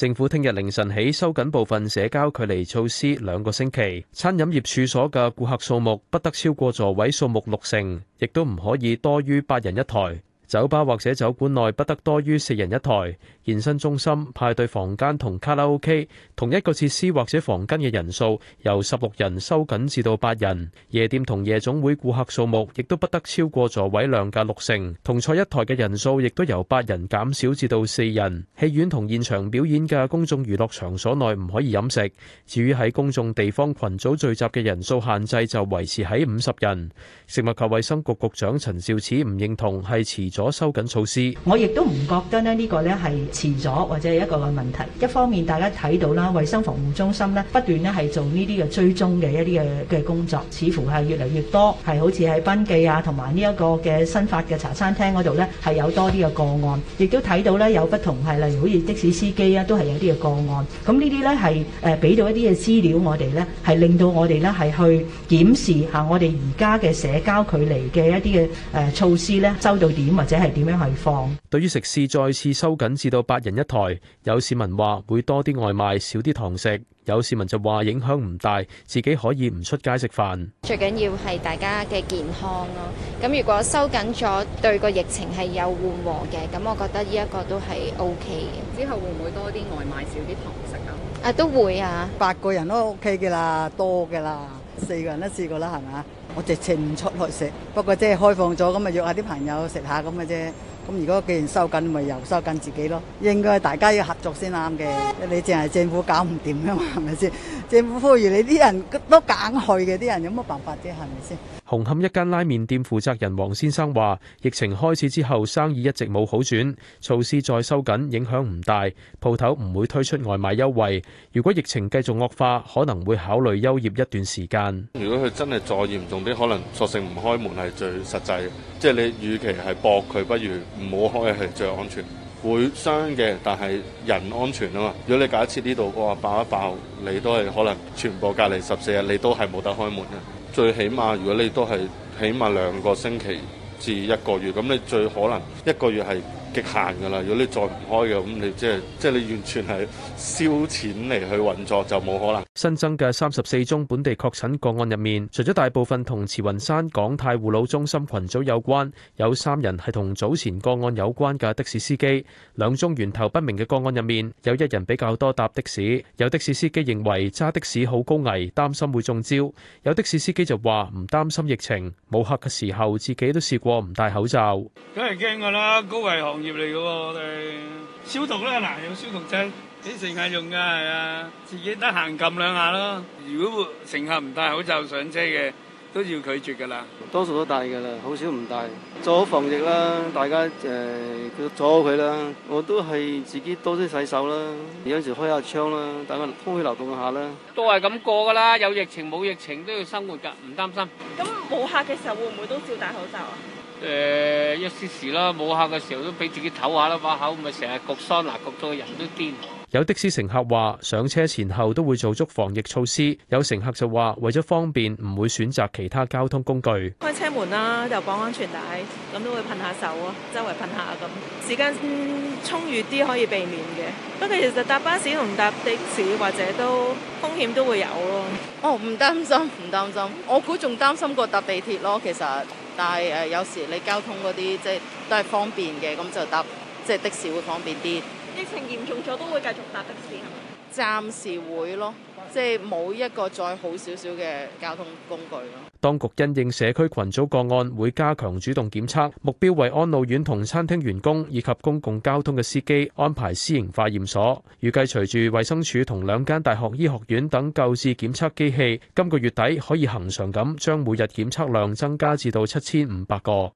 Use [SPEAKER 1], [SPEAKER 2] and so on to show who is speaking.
[SPEAKER 1] 政府聽日凌晨起收緊部分社交距離措施兩個星期，餐飲業處所嘅顧客數目不得超過座位數目六成，亦都唔可以多於八人一枱。酒吧或者酒館內不得多於四人一台，健身中心、派對房間同卡拉 OK 同一個設施或者房間嘅人數由十六人收緊至到八人。夜店同夜總會顧客數目亦都不得超過座位量嘅六成，同坐一台嘅人數亦都由八人減少至到四人。戲院同現場表演嘅公眾娛樂場所內唔可以飲食，至於喺公眾地方群組聚集嘅人數限制就維持喺五十人。食物及衛生局局長陳肇始唔認同係持續所收緊措施，我亦都唔覺得呢呢個呢係遲咗或者係一個嘅問題。一方面大家睇到啦，衞生防護中心呢不斷呢係做呢啲嘅追蹤嘅一啲嘅嘅工作，似乎係越嚟越多，係好似喺賓記啊同埋呢一個嘅新發嘅茶餐廳嗰度呢，係有多啲嘅個案，亦都睇到呢，有不同係例如好似的士司機啊都係有啲嘅個案。咁呢啲呢，係誒俾到一啲嘅資料我哋呢，係令到我哋呢，係去檢視下我哋而家嘅社交距離嘅一啲嘅誒措施呢，收到點或者係點樣去放？對於食肆再次收緊至到八人一枱，有市民話會多啲外賣，少啲堂食。有市民就話影響唔大，自己可以唔出街食飯。最緊要係大家嘅健康咯。咁如果收緊咗，對個疫情係有緩和嘅，咁我覺得呢一個都係 OK 嘅。之後會唔會多啲外賣，少啲堂食啊？啊，都會啊。八個人都 OK 嘅啦，多嘅啦，四個人都試過啦，係咪？我直情唔出去食，不過即係開放咗咁啊，約下啲朋友食下咁嘅啫。咁如果既然收緊，咪又收緊自己咯。應該大家要合作先啱嘅。你淨係政府搞唔掂噶嘛？係咪先？政府呼籲你啲人都揀去嘅，啲人有乜辦法啫？係咪先？紅磡一間拉麵店負責人黃先生話，疫情開始之後，生意一直冇好轉。措施再收緊，影響唔大。鋪頭唔會推出外賣優惠。如果疫情繼續惡化，可能會考慮休業一段時間。如果佢真係再嚴重啲，可能索性唔開門係最實際。即係你，與其係駁佢，不如。唔好開係最安全，會傷嘅，但係人安全啊嘛。如果你假設呢度話爆一爆，你都係可能全部隔離十四日，你都係冇得開門嘅。最起碼如果你都係起碼兩個星期至一個月，咁你最可能一個月係極限㗎啦。如果你再唔開嘅，咁你即係即係你完全係燒錢嚟去運作就冇可能。新增嘅三十四宗本地確診個案入面，除咗大部分同慈雲山港泰護老中心群組有關，有三人係同早前個案有關嘅的,的士司機。兩宗源頭不明嘅個案入面，有一人比較多搭的士。有的士司機認為揸的士好高危，擔心會中招。有的士司機就話唔擔心疫情，冇客嘅時候自己都試過唔戴口罩。梗係驚噶啦，高危行業嚟噶，我哋消毒啦，嗱有消毒劑。啲乘客用㗎係啊，自己得閒撳兩下咯。如果乘客唔戴口罩上車嘅，都要拒絕㗎啦。多數都戴㗎啦，好少唔戴。做好防疫啦，大家誒、呃、做好佢啦。我都係自己多啲洗手啦，有時開下窗啦，等個空氣流動下啦。都係咁過㗎啦，有疫情冇疫情都要生活㗎，唔擔心。咁冇客嘅時候會唔會都照戴口罩啊？誒、呃，一時時啦，冇客嘅時候都俾自己唞下啦，把口咪成日焗桑拿，焗到個人都癲。有的士乘客話：上車前後都會做足防疫措施。有乘客就話：為咗方便，唔會選擇其他交通工具。開車門啦，就綁安全帶，咁都會噴下手啊，周圍噴下啊咁。時間、嗯、充裕啲可以避免嘅。不過其實搭巴士同搭的士或者都風險都會有咯。哦，唔擔心，唔擔心。我估仲擔心過搭地鐵咯。其實，但係誒、呃，有時你交通嗰啲即係都係方便嘅，咁就搭即係的士會方便啲。疫情嚴重咗都會繼續搭的士？暫時會咯，即係冇一個再好少少嘅交通工具咯。當局因應社區群組個案，會加強主動檢測，目標為安老院同餐廳員工以及公共交通嘅司機，安排私營化驗所。預計隨住衛生署同兩間大學醫學院等購置檢測機器，今個月底可以恒常咁將每日檢測量增加至到七千五百個。